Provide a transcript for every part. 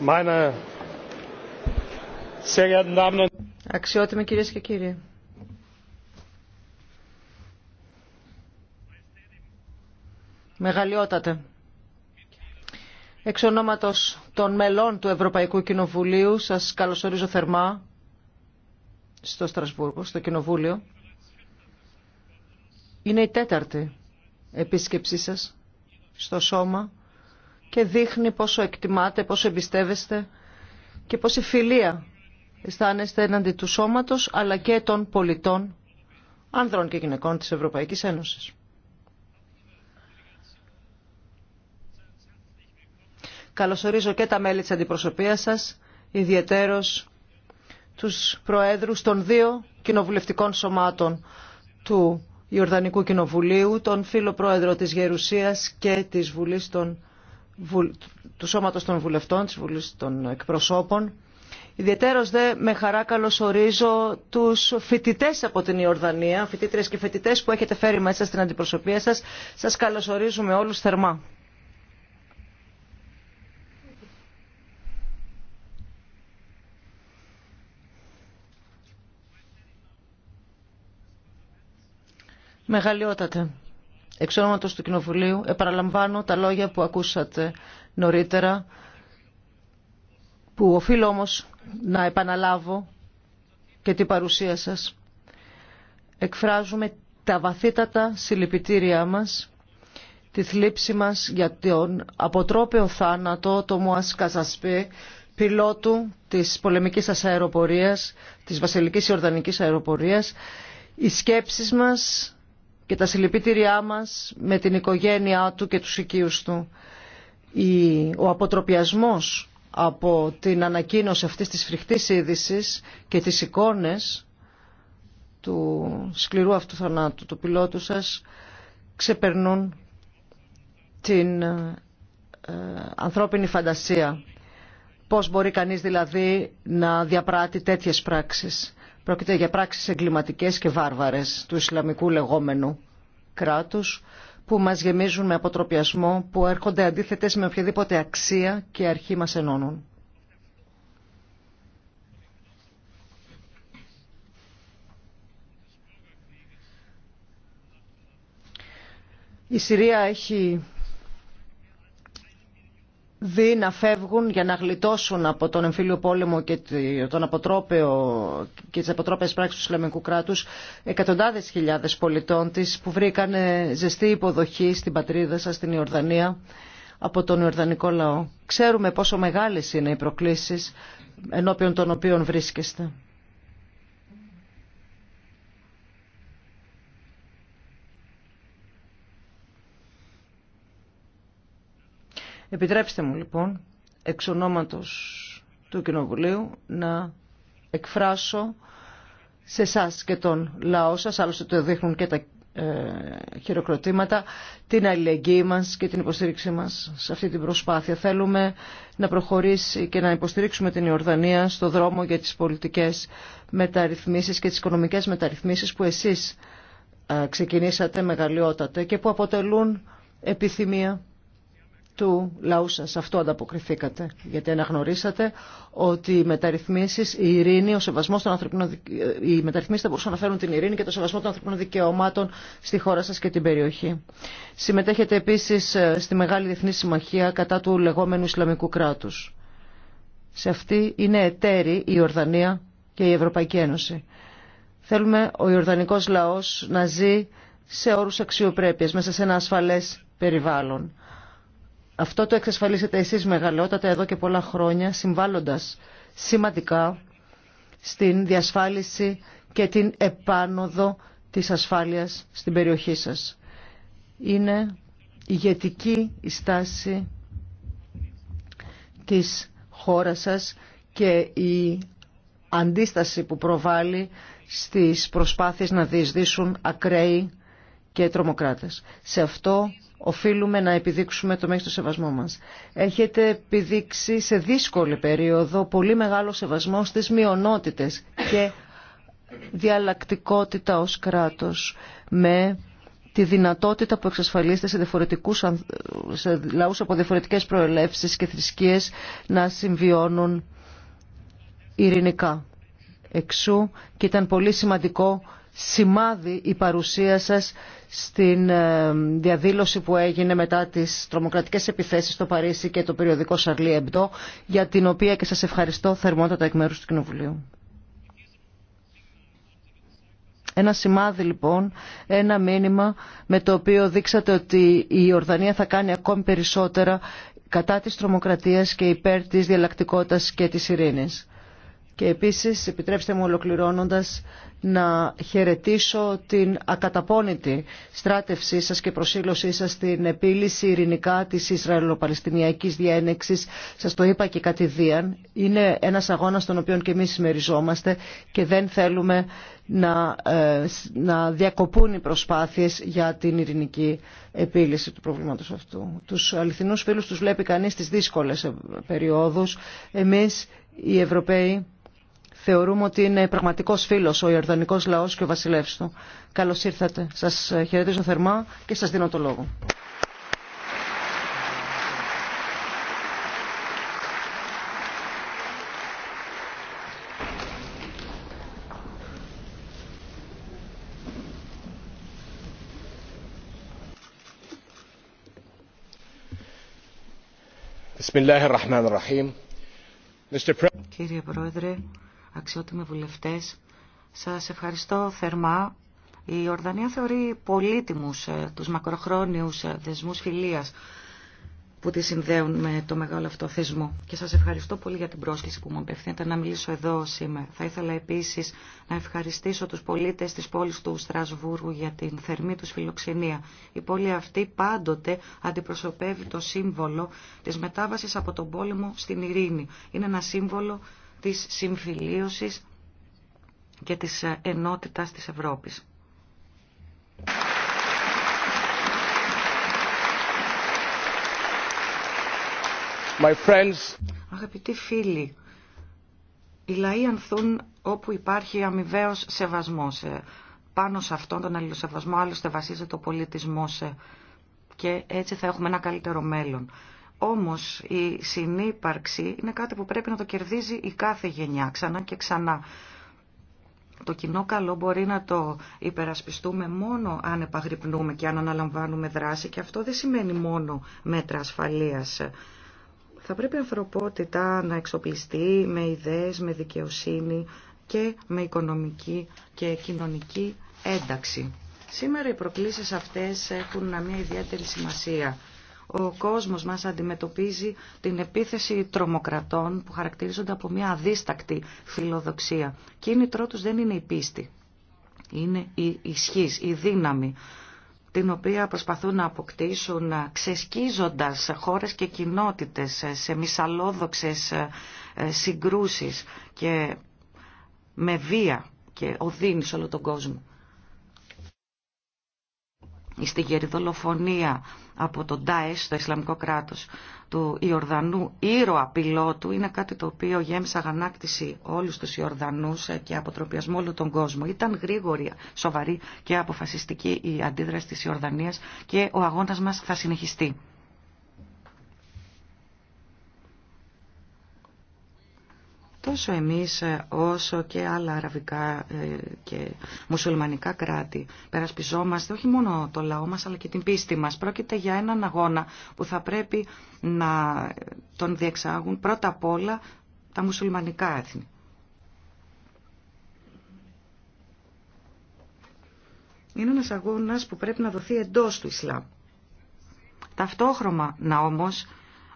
Meine sehr geehrten Damen und Αξιότιμοι και κύριοι. Μεγαλειότατε. Εξ ονόματος των μελών του Ευρωπαϊκού Κοινοβουλίου σας καλωσορίζω θερμά στο Στρασβούργο, στο Κοινοβούλιο. Είναι η τέταρτη επίσκεψή σας στο σώμα και δείχνει πόσο εκτιμάτε, πόσο εμπιστεύεστε και πόση φιλία αισθάνεστε έναντι του σώματος αλλά και των πολιτών, άνδρων και γυναικών της Ευρωπαϊκής Ένωσης. Καλωσορίζω και τα μέλη της αντιπροσωπείας σας, ιδιαιτέρως τους προέδρους των δύο κοινοβουλευτικών σωμάτων του Ιορδανικού Κοινοβουλίου, τον φίλο πρόεδρο της Γερουσίας και της Βουλής των του Σώματος των Βουλευτών, της Βουλής των Εκπροσώπων. Ιδιαιτέρως δε με χαρά καλωσορίζω τους φοιτητές από την Ιορδανία, φοιτήτρες και φοιτητές που έχετε φέρει μέσα στην αντιπροσωπεία σας. Σας καλωσορίζουμε όλους θερμά. Μεγαλειότατε εξ ονόματος του Κοινοβουλίου επαναλαμβάνω τα λόγια που ακούσατε νωρίτερα που οφείλω όμως να επαναλάβω και την παρουσία σας. Εκφράζουμε τα βαθύτατα συλληπιτήριά μας, τη θλίψη μας για τον αποτρόπαιο θάνατο το Μουάς Καζασπή, πιλότου της πολεμικής αεροπορίας, της βασιλικής Ιορδανικής αεροπορίας. Οι σκέψεις μας και τα συλληπιτήριά μας με την οικογένειά του και του οικείους του. Ο αποτροπιασμός από την ανακοίνωση αυτής της φρικτής είδηση και τις εικόνες του σκληρού αυτού θανάτου, του πιλότου σας, ξεπερνούν την ε, ανθρώπινη φαντασία. Πώς μπορεί κανείς δηλαδή να διαπράττει τέτοιες πράξεις. Πρόκειται για πράξεις εγκληματικές και βάρβαρες του Ισλαμικού λεγόμενου κράτους που μας γεμίζουν με αποτροπιασμό, που έρχονται αντίθετες με οποιαδήποτε αξία και αρχή μας ενώνουν. Η Συρία έχει δει να φεύγουν για να γλιτώσουν από τον εμφύλιο πόλεμο και, τον αποτρόπαιο, και τις αποτρόπαιες πράξεις του Ισλαμικού κράτους εκατοντάδες χιλιάδες πολιτών της που βρήκαν ζεστή υποδοχή στην πατρίδα σας, στην Ιορδανία από τον Ιορδανικό λαό. Ξέρουμε πόσο μεγάλες είναι οι προκλήσεις ενώπιον των οποίων βρίσκεστε. Επιτρέψτε μου λοιπόν, εξ του Κοινοβουλίου, να εκφράσω σε εσά και τον λαό σας, άλλωστε το δείχνουν και τα ε, χειροκροτήματα, την αλληλεγγύη μας και την υποστήριξή μας σε αυτή την προσπάθεια. Θέλουμε να προχωρήσει και να υποστηρίξουμε την Ιορδανία στο δρόμο για τις πολιτικές μεταρρυθμίσεις και τις οικονομικές μεταρρυθμίσεις που εσείς ε, ξεκινήσατε μεγαλειότατε και που αποτελούν επιθυμία του λαού σας. Αυτό ανταποκριθήκατε, γιατί αναγνωρίσατε ότι οι μεταρρυθμίσεις, η ειρήνη, ο σεβασμός των ανθρωπινών ε, οι μεταρρυθμίσεις θα μπορούσαν να φέρουν την ειρήνη και το σεβασμό των ανθρωπινών δικαιωμάτων στη χώρα σας και την περιοχή. Συμμετέχετε επίσης ε, στη Μεγάλη Διεθνή Συμμαχία κατά του λεγόμενου Ισλαμικού κράτους. Σε αυτή είναι εταίροι η Ιορδανία και η Ευρωπαϊκή Ένωση. Θέλουμε ο Ιορδανικός λαός να ζει σε όρους αξιοπρέπειας, μέσα σε ένα ασφαλές περιβάλλον. Αυτό το εξασφαλίσετε εσείς μεγαλότατα εδώ και πολλά χρόνια, συμβάλλοντας σημαντικά στην διασφάλιση και την επάνωδο της ασφάλειας στην περιοχή σας. Είναι ηγετική η στάση της χώρας σας και η αντίσταση που προβάλλει στις προσπάθειες να διεισδύσουν ακραίοι και τρομοκράτες. Σε αυτό οφείλουμε να επιδείξουμε το μέγιστο σεβασμό μας. Έχετε επιδείξει σε δύσκολη περίοδο πολύ μεγάλο σεβασμό στις μειονότητες και διαλλακτικότητα ως κράτος με τη δυνατότητα που εξασφαλίζεται σε, διαφορετικούς, σε λαούς από διαφορετικές προελεύσεις και θρησκείες να συμβιώνουν ειρηνικά. Εξού και ήταν πολύ σημαντικό σημάδι η παρουσία σας στην ε, διαδήλωση που έγινε μετά τις τρομοκρατικές επιθέσεις στο Παρίσι και το περιοδικό Σαρλί Εμπτό, για την οποία και σας ευχαριστώ θερμότατα εκ μέρους του Κοινοβουλίου. Ένα σημάδι λοιπόν, ένα μήνυμα με το οποίο δείξατε ότι η Ορδανία θα κάνει ακόμη περισσότερα κατά της τρομοκρατίας και υπέρ της διαλλακτικότητας και της ειρήνης. Και επίσης, επιτρέψτε μου ολοκληρώνοντας, να χαιρετήσω την ακαταπώνητη στράτευσή σας και προσήλωσή σας στην επίλυση ειρηνικά της Ισραηλοπαλαιστινιακής διένεξης. Σας το είπα και κατηδίαν. Είναι ένας αγώνας τον οποίο και εμείς συμμεριζόμαστε και δεν θέλουμε να, ε, να διακοπούν οι προσπάθειες για την ειρηνική επίλυση του προβλήματος αυτού. Τους αληθινούς φίλους τους βλέπει κανείς στις δύσκολες ε, περιόδους. Εμείς οι Ευρωπαίοι θεωρούμε ότι είναι πραγματικός φίλος ο Ιορδανικός λαός και ο βασιλεύς του. Καλώς ήρθατε. Σας χαιρετίζω θερμά και σας δίνω το λόγο. Κύριε Πρόεδρε, αξιότιμοι βουλευτές. Σας ευχαριστώ θερμά. Η Ορδανία θεωρεί πολύτιμους ε, τους μακροχρόνιους ε, δεσμούς φιλίας που τη συνδέουν με το μεγάλο αυτό θεσμό. Και σας ευχαριστώ πολύ για την πρόσκληση που μου απευθύνεται να μιλήσω εδώ σήμερα. Θα ήθελα επίσης να ευχαριστήσω τους πολίτες της πόλης του Στρασβούργου για την θερμή τους φιλοξενία. Η πόλη αυτή πάντοτε αντιπροσωπεύει το σύμβολο της μετάβασης από τον πόλεμο στην ειρήνη. Είναι ένα σύμβολο της συμφιλίωσης και της ενότητας της Ευρώπης. My Αγαπητοί φίλοι, οι λαοί ανθούν όπου υπάρχει αμοιβαίος σεβασμός. Ε, πάνω σε αυτόν τον αλληλοσεβασμό άλλωστε βασίζεται ο πολιτισμός ε, και έτσι θα έχουμε ένα καλύτερο μέλλον. Όμως η συνύπαρξη είναι κάτι που πρέπει να το κερδίζει η κάθε γενιά ξανά και ξανά. Το κοινό καλό μπορεί να το υπερασπιστούμε μόνο αν επαγρυπνούμε και αν αναλαμβάνουμε δράση και αυτό δεν σημαίνει μόνο μέτρα ασφαλείας. Θα πρέπει η ανθρωπότητα να εξοπλιστεί με ιδέες, με δικαιοσύνη και με οικονομική και κοινωνική ένταξη. Σήμερα οι προκλήσεις αυτές έχουν μια ιδιαίτερη σημασία ο κόσμος μας αντιμετωπίζει την επίθεση τρομοκρατών που χαρακτηρίζονται από μια αδίστακτη φιλοδοξία. Κίνητρό τους δεν είναι η πίστη, είναι η ισχύς, η δύναμη την οποία προσπαθούν να αποκτήσουν ε, ξεσκίζοντας χώρες και κοινότητες ε, σε μυσαλόδοξες ε, συγκρούσεις και με βία και οδύνη σε όλο τον κόσμο. Η στιγερή δολοφονία από τον Ντάεσ, το Ισλαμικό κράτος του Ιορδανού ήρωα πιλότου είναι κάτι το οποίο γέμισε αγανάκτηση όλους τους Ιορδανούς και αποτροπιασμό όλου τον κόσμο. Ήταν γρήγορη, σοβαρή και αποφασιστική η αντίδραση της Ιορδανίας και ο αγώνας μας θα συνεχιστεί. τόσο εμείς ε, όσο και άλλα αραβικά ε, και μουσουλμανικά κράτη περασπιζόμαστε όχι μόνο το λαό μας αλλά και την πίστη μας. Πρόκειται για έναν αγώνα που θα πρέπει να τον διεξάγουν πρώτα απ' όλα τα μουσουλμανικά έθνη. Είναι ένας αγώνας που πρέπει να δοθεί εντός του Ισλάμ. Ταυτόχρονα να όμως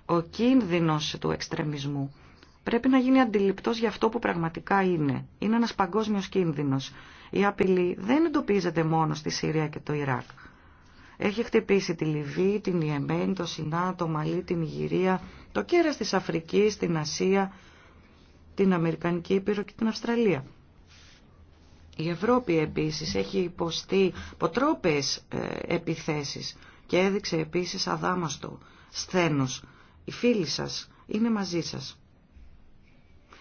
ο κίνδυνος του εξτρεμισμού πρέπει να γίνει αντιληπτός για αυτό που πραγματικά είναι. Είναι ένας παγκόσμιος κίνδυνος. Η απειλή δεν εντοπίζεται μόνο στη Συρία και το Ιράκ. Έχει χτυπήσει τη Λιβύη, την Ιεμένη, το Σινά, το Μαλί, την Ιγυρία, το κέρας της Αφρικής, την Ασία, την Αμερικανική Ήπειρο και την Αυστραλία. Η Ευρώπη επίσης έχει υποστεί ποτρόπες ε, επιθέσεις και έδειξε επίσης αδάμαστο σθένος. Οι φίλοι σας είναι μαζί σας.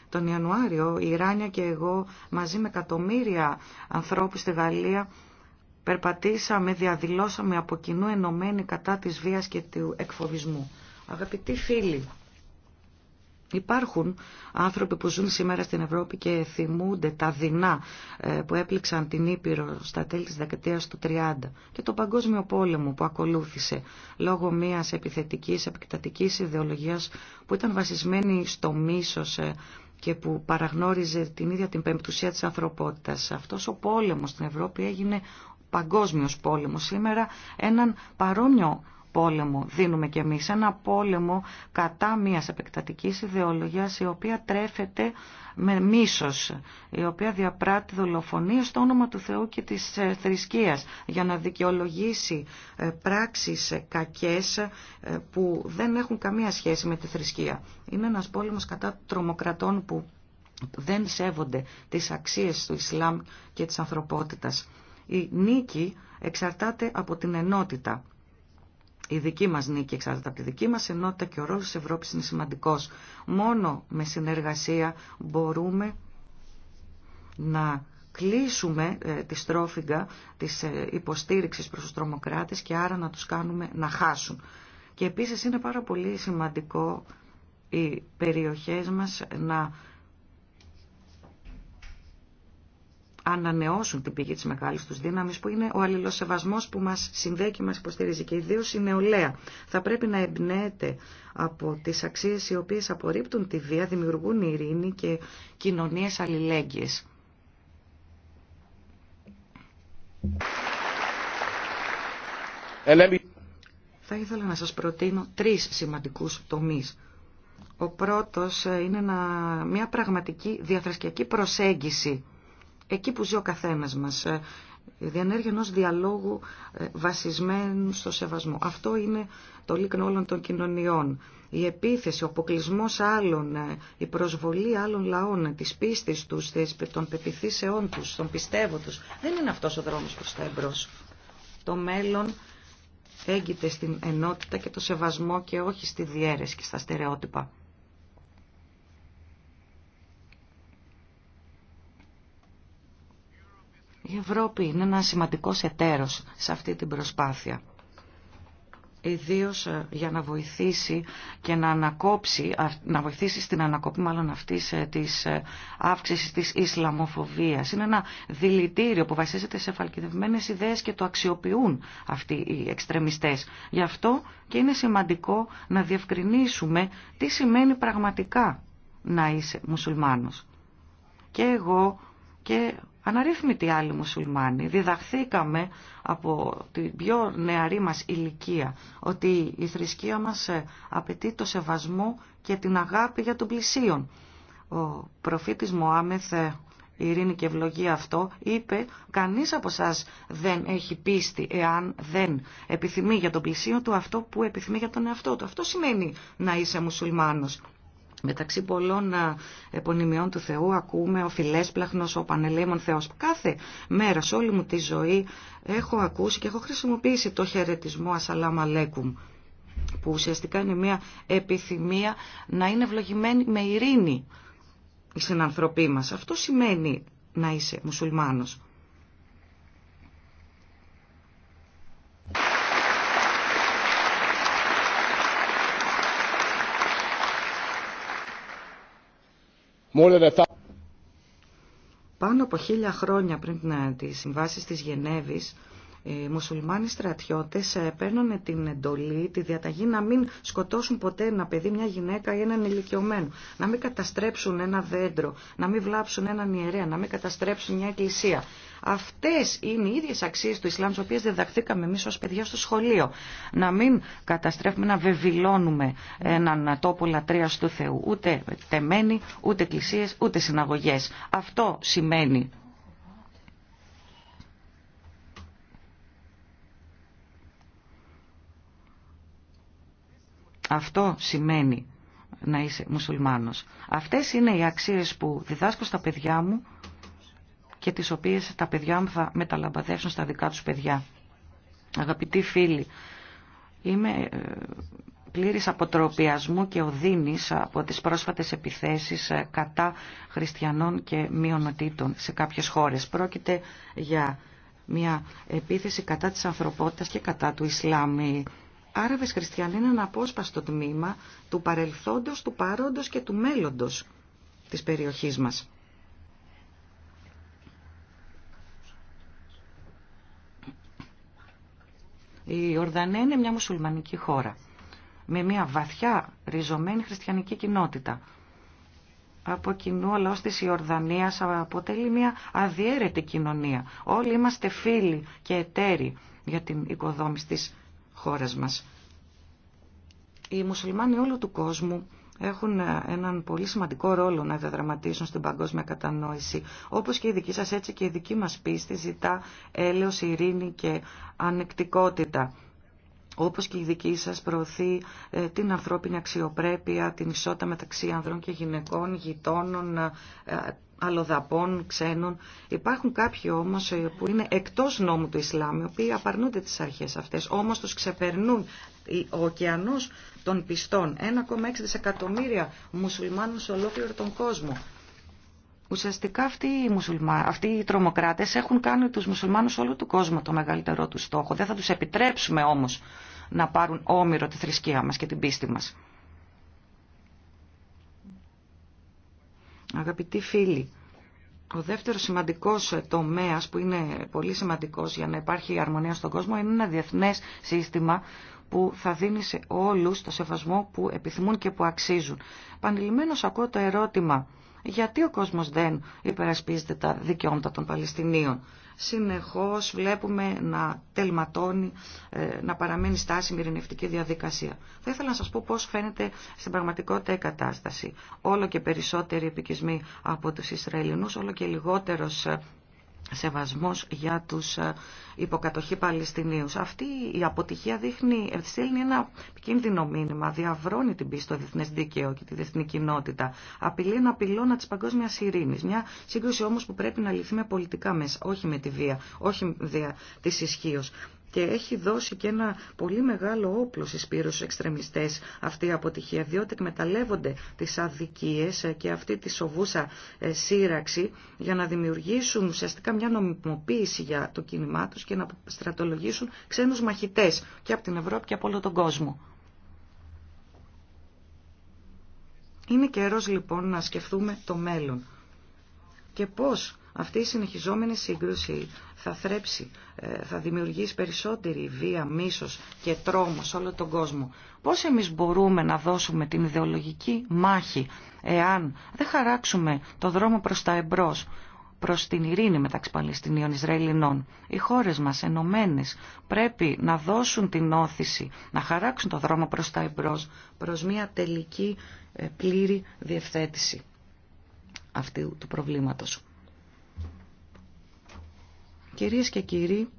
Τον Ιανουάριο η Ράνια και εγώ μαζί με εκατομμύρια ανθρώπους στη Γαλλία περπατήσαμε, διαδηλώσαμε από κοινού ενωμένοι κατά της βίας και του εκφοβισμού. Αγαπητοί φίλοι, Υπάρχουν άνθρωποι που ζουν σήμερα στην Ευρώπη και θυμούνται τα δεινά ε, που έπληξαν την Ήπειρο στα τέλη της δεκαετίας του 30 και το παγκόσμιο πόλεμο που ακολούθησε λόγω μιας επιθετικής, επικτατικής ιδεολογίας που ήταν βασισμένη στο μίσος, ε, και που παραγνώριζε την ίδια την πεμπτουσία της ανθρωπότητας. Αυτός ο πόλεμος στην Ευρώπη έγινε παγκόσμιος πόλεμος. Σήμερα έναν παρόμοιο πόλεμο δίνουμε κι εμείς. Ένα πόλεμο κατά μιας επεκτατικής ιδεολογίας η οποία τρέφεται με μίσος, η οποία διαπράττει δολοφονίες στο όνομα του Θεού και της ε, θρησκείας για να δικαιολογήσει ε, πράξεις ε, κακές που δεν έχουν καμία σχέση με τη θρησκεία. Είναι ένας πόλεμος κατά τρομοκρατών που δεν σέβονται τις αξίες του Ισλάμ και της ανθρωπότητας. Η νίκη εξαρτάται από την ενότητα η δική μας νίκη εξάρτητα από τη δική μας ενότητα και ο ρόλος της Ευρώπης είναι σημαντικός. Μόνο με συνεργασία μπορούμε να κλείσουμε ε, τη στρόφιγγα της ε, υποστήριξης προς τους τρομοκράτες και άρα να τους κάνουμε να χάσουν. Και επίσης είναι πάρα πολύ σημαντικό οι περιοχές μας να ανανεώσουν την πηγή της μεγάλης τους δύναμης που είναι ο αλληλοσεβασμός που μας συνδέει και μας υποστηρίζει και ιδίω η νεολαία. Θα πρέπει να εμπνέεται από τις αξίες οι οποίες απορρίπτουν τη βία, δημιουργούν ειρήνη και κοινωνίες αλληλέγγυες. Θα ήθελα να σας προτείνω τρεις σημαντικούς τομείς. Ο πρώτος ε, είναι μια πραγματική διαθρασκιακή προσέγγιση εκεί που ζει ο καθένας μας. Ε, Διανέργεια ενός διαλόγου ε, βασισμένου στο σεβασμό. Αυτό είναι το λίκνο όλων των κοινωνιών. Η επίθεση, ο αποκλεισμό άλλων, ε, η προσβολή άλλων λαών, τη πίστη του, των πεπιθήσεών του, των του, δεν είναι αυτό ο δρόμο προ τα εμπρό. Το μέλλον έγκυται στην ενότητα και το σεβασμό και όχι στη διέρεση και στα στερεότυπα. Η Ευρώπη είναι ένα σημαντικό εταίρος σε αυτή την προσπάθεια. Ιδίως ε, για να βοηθήσει και να ανακόψει, να βοηθήσει στην ανακόπη μάλλον αυτής ε, της ε, αύξησης της Ισλαμοφοβίας. Είναι ένα δηλητήριο που βασίζεται σε φαλκιδευμένες ιδέες και το αξιοποιούν αυτοί οι εξτρεμιστές. Γι' αυτό και είναι σημαντικό να διευκρινίσουμε τι σημαίνει πραγματικά να είσαι μουσουλμάνος. Και εγώ και αναρρύθμιτοι άλλοι μουσουλμάνοι. Διδαχθήκαμε από την πιο νεαρή μας ηλικία ότι η θρησκεία μας ε, απαιτεί το σεβασμό και την αγάπη για τον πλησίον. Ο προφήτης Μωάμεθ, ε, ειρήνη και ευλογία αυτό, είπε «Κανείς από εσά δεν έχει πίστη εάν δεν επιθυμεί για τον πλησίον του αυτό που επιθυμεί για τον εαυτό του». Αυτό σημαίνει να είσαι μουσουλμάνος. Μεταξύ πολλών ε, επωνυμιών του Θεού ακούμε ο φιλέσπλαχνος, ο πανελέμων Θεός. Κάθε μέρα σε όλη μου τη ζωή έχω ακούσει και έχω χρησιμοποιήσει το χαιρετισμό ασαλάμα λέκουμ που ουσιαστικά είναι μια επιθυμία να είναι ευλογημένη με ειρήνη οι συνανθρωποί μας. Αυτό σημαίνει να είσαι μουσουλμάνος. Πάνω από χίλια χρόνια πριν ε, τι συμβάσει της Γενέβη, οι μουσουλμάνοι στρατιώτες παίρνανε την εντολή, τη διαταγή να μην σκοτώσουν ποτέ ένα παιδί, μια γυναίκα ή έναν ηλικιωμένο. Να μην καταστρέψουν ένα δέντρο, να μην βλάψουν έναν ιερέα, να μην καταστρέψουν μια εκκλησία. Αυτές είναι οι ίδιες αξίες του Ισλάμ, τις οποίες διδαχθήκαμε εμείς ως παιδιά στο σχολείο. Να μην καταστρέφουμε, να βεβηλώνουμε έναν τόπο λατρείας του Θεού. Ούτε τεμένοι, ούτε εκκλησίες, ούτε συναγωγές. Αυτό σημαίνει Αυτό σημαίνει να είσαι μουσουλμάνος. Αυτές είναι οι αξίες που διδάσκω στα παιδιά μου και τις οποίες τα παιδιά μου θα μεταλαμπαδεύσουν στα δικά τους παιδιά. Αγαπητοί φίλοι, είμαι ε, πλήρης αποτροπιασμού και οδύνης από τις πρόσφατες επιθέσεις ε, κατά χριστιανών και μειονοτήτων σε κάποιες χώρες. Πρόκειται για μια επίθεση κατά της ανθρωπότητας και κατά του Ισλάμ. Οι Άραβες χριστιανοί είναι ένα απόσπαστο τμήμα του παρελθόντος, του παρόντος και του μέλλοντος της περιοχής μας. Η Ορδανία είναι μια μουσουλμανική χώρα με μια βαθιά ριζωμένη χριστιανική κοινότητα. Από κοινού ο λαός της αποτελεί μια αδιέρετη κοινωνία. Όλοι είμαστε φίλοι και εταίροι για την οικοδόμηση της χώρας μας. Οι μουσουλμάνοι όλου του κόσμου έχουν ε, έναν πολύ σημαντικό ρόλο να διαδραματίσουν στην παγκόσμια κατανόηση. Όπως και η δική σας έτσι και η δική μας πίστη ζητά έλεος, ειρήνη και ανεκτικότητα όπως και η δική σας προωθεί ε, την ανθρώπινη αξιοπρέπεια, την ισότητα μεταξύ ανδρών και γυναικών, γειτόνων, ε, αλλοδαπών, ξένων. Υπάρχουν κάποιοι όμω ε, που είναι εκτό νόμου του Ισλάμ, οι οποίοι απαρνούνται τι αρχέ αυτέ, όμω του ξεπερνούν ο ωκεανό των πιστών, 1,6 δισεκατομμύρια μουσουλμάνους σε ολόκληρο τον κόσμο. Ουσιαστικά αυτοί οι, μουσουλμα... αυτοί οι τρομοκράτες έχουν κάνει τους μουσουλμάνους όλου του κόσμου το μεγαλύτερό του στόχο. Δεν θα τους επιτρέψουμε όμως να πάρουν όμοιρο τη θρησκεία μας και την πίστη μας. Αγαπητοί φίλοι, ο δεύτερος σημαντικός τομέας που είναι πολύ σημαντικός για να υπάρχει αρμονία στον κόσμο είναι ένα διεθνές σύστημα που θα δίνει σε όλους το σεβασμό που επιθυμούν και που αξίζουν. Πανελειμμένως ακούω το ερώτημα γιατί ο κόσμος δεν υπερασπίζεται τα δικαιώματα των Παλαιστινίων. Συνεχώς βλέπουμε να τελματώνει, ε, να παραμένει στάσιμη ειρηνευτική διαδικασία. Θα ήθελα να σας πω πώς φαίνεται στην πραγματικότητα η κατάσταση. Όλο και περισσότεροι επικισμοί από τους Ισραηλινούς, όλο και λιγότερος ε, σεβασμός για τους ε, υποκατοχή Παλαιστινίους. Αυτή η αποτυχία δείχνει, στέλνει ένα κίνδυνο μήνυμα, διαβρώνει την πίστη στο διεθνέ δίκαιο και τη διεθνή κοινότητα. Απειλεί ένα πυλώνα τη παγκόσμια ειρήνη. Μια σύγκρουση όμω που πρέπει να λυθεί με πολιτικά μέσα, όχι με τη βία, όχι με τη ισχύω και έχει δώσει και ένα πολύ μεγάλο όπλο στις πύρους στους εξτρεμιστές αυτή η αποτυχία, διότι εκμεταλλεύονται τις αδικίες και αυτή τη σοβούσα ε, σύραξη για να δημιουργήσουν ουσιαστικά μια νομιμοποίηση για το κίνημά τους και να στρατολογήσουν ξένους μαχητές και από την Ευρώπη και από όλο τον κόσμο. Είναι καιρός λοιπόν να σκεφτούμε το μέλλον και πώς αυτή η συνεχιζόμενη σύγκρουση θα θρέψει, ε, θα δημιουργήσει περισσότερη βία, μίσος και τρόμο σε όλο τον κόσμο. Πώς εμείς μπορούμε να δώσουμε την ιδεολογική μάχη εάν δεν χαράξουμε το δρόμο προς τα εμπρός, προς την ειρήνη μεταξύ Παλαιστινίων Ισραηλινών. Οι χώρες μας ενωμένε πρέπει να δώσουν την όθηση, να χαράξουν το δρόμο προς τα εμπρός, προς μια τελική ε, πλήρη διευθέτηση αυτού του προβλήματος. Κυρίες και κύριοι,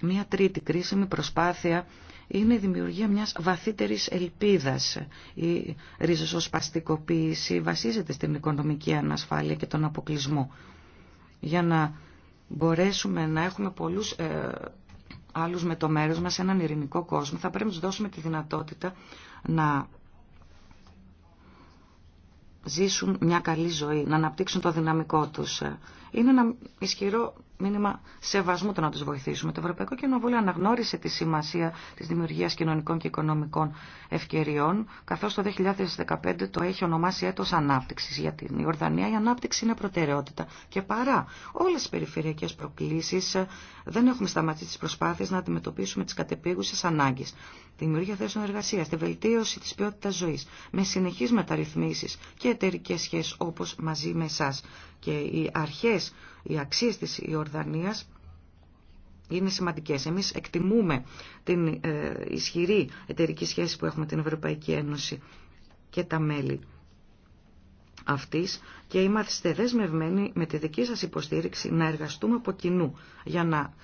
μια τρίτη κρίσιμη προσπάθεια είναι η δημιουργία μιας βαθύτερης ελπίδας. Η ριζοσπαστικοποίηση βασίζεται στην οικονομική ανασφάλεια και τον αποκλεισμό. Για να μπορέσουμε να έχουμε πολλούς ε, άλλους με το μέρος μας έναν ειρηνικό κόσμο, θα πρέπει να τους δώσουμε τη δυνατότητα να ζήσουν μια καλή ζωή, να αναπτύξουν το δυναμικό τους. Είναι ένα ισχυρό μήνυμα σεβασμού το να του βοηθήσουμε. Το Ευρωπαϊκό Κοινοβούλιο αναγνώρισε τη σημασία τη δημιουργία κοινωνικών και οικονομικών ευκαιριών, καθώ το 2015 το έχει ονομάσει έτος ανάπτυξη Για την Ιορδανία η ανάπτυξη είναι προτεραιότητα και παρά όλε τι περιφερειακέ προκλήσει δεν έχουμε σταματήσει τι προσπάθειε να αντιμετωπίσουμε τι κατεπήγουσε ανάγκε. Τη δημιουργία θέσεων εργασία, τη βελτίωση τη ποιότητα ζωή, με συνεχεί μεταρρυθμίσει και εταιρικέ σχέσει όπω μαζί με εσά και οι αρχές, οι αξίες της Ιορδανίας είναι σημαντικές. Εμείς εκτιμούμε την ε, ισχυρή εταιρική σχέση που έχουμε την Ευρωπαϊκή Ένωση και τα μέλη αυτής και είμαστε δεσμευμένοι με τη δική σας υποστήριξη να εργαστούμε από κοινού για να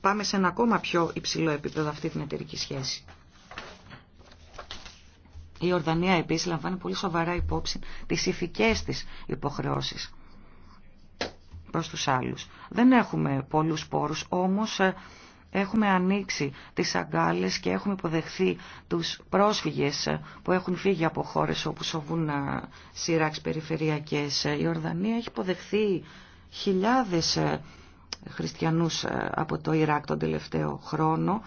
πάμε σε ένα ακόμα πιο υψηλό επίπεδο αυτή την εταιρική σχέση. Η Ορδανία επίσης λαμβάνει πολύ σοβαρά υπόψη τις ηθικές της υποχρεώσεις προς τους άλλους. Δεν έχουμε πολλούς πόρους, όμως ε, έχουμε ανοίξει τις αγκάλες και έχουμε υποδεχθεί τους πρόσφυγες ε, που έχουν φύγει από χώρες όπου σοβούν ε, σύραξ περιφερειακές. Η Ορδανία έχει υποδεχθεί χιλιάδες χριστιανούς από το Ιράκ τον τελευταίο χρόνο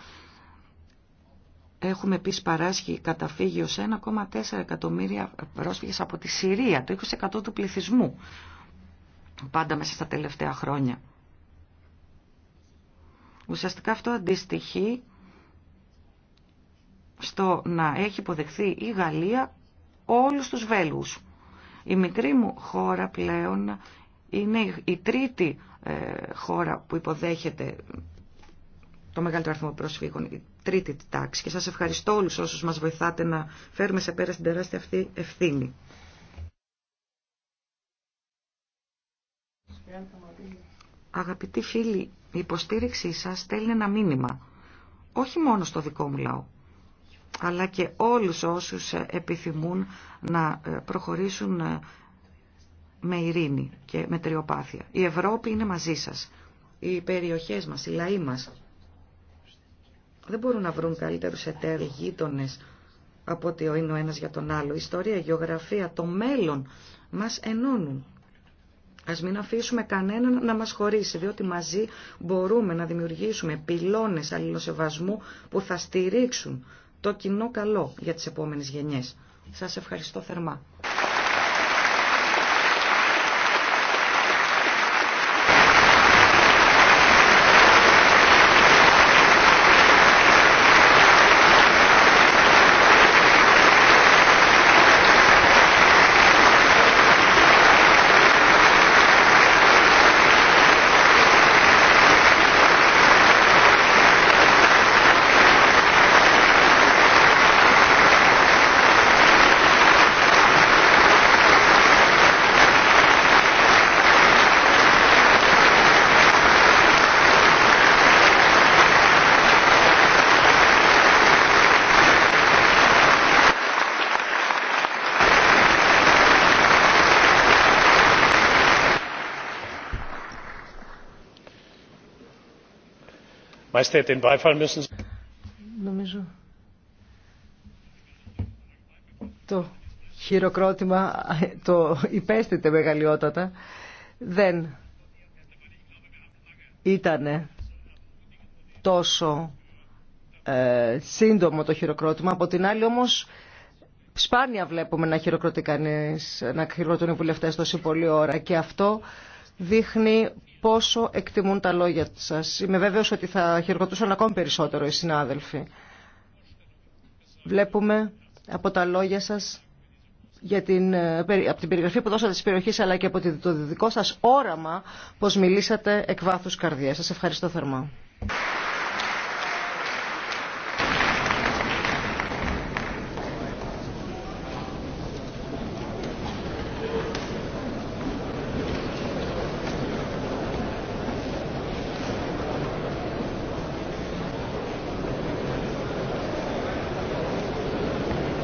Έχουμε επίσης παράσχει καταφύγιο σε 1,4 εκατομμύρια πρόσφυγες από τη Συρία, το 20% του πληθυσμού, πάντα μέσα στα τελευταία χρόνια. Ουσιαστικά αυτό αντιστοιχεί στο να έχει υποδεχθεί η Γαλλία όλους τους Βέλγους. Η μικρή μου χώρα πλέον είναι η τρίτη ε, χώρα που υποδέχεται το μεγαλύτερο αριθμό προσφύγων τρίτη και σας ευχαριστώ όλους όσους μας βοηθάτε να φέρουμε σε πέρα στην τεράστια αυτή ευθύνη. Αγαπητοί φίλοι, η υποστήριξή σας στέλνει ένα μήνυμα, όχι μόνο στο δικό μου λαό, αλλά και όλους όσους επιθυμούν να προχωρήσουν με ειρήνη και με τριοπάθεια. Η Ευρώπη είναι μαζί σας. Οι περιοχές μας, οι λαοί μας δεν μπορούν να βρουν καλύτερους εταίρους γείτονες από ότι είναι ο ένας για τον άλλο. ιστορία, γεωγραφία, το μέλλον μας ενώνουν. Ας μην αφήσουμε κανέναν να μας χωρίσει, διότι μαζί μπορούμε να δημιουργήσουμε πυλώνες αλληλοσεβασμού που θα στηρίξουν το κοινό καλό για τις επόμενες γενιές. Σας ευχαριστώ θερμά. Νομίζω το χειροκρότημα το υπέστητε μεγαλειότατα. Δεν ήταν τόσο ε, σύντομο το χειροκρότημα. Από την άλλη όμως σπάνια βλέπουμε να χειροκροτεί κανείς, να χειροκροτούν οι βουλευτές τόση πολύ ώρα και αυτό δείχνει πόσο εκτιμούν τα λόγια σας. Είμαι βέβαιος ότι θα χειροκροτούσαν ακόμη περισσότερο οι συνάδελφοι. Βλέπουμε από τα λόγια σας για την, ε, από την περιγραφή που δώσατε της περιοχής αλλά και από το δικό σας όραμα πως μιλήσατε εκ βάθους καρδιά. Σας ευχαριστώ θερμά.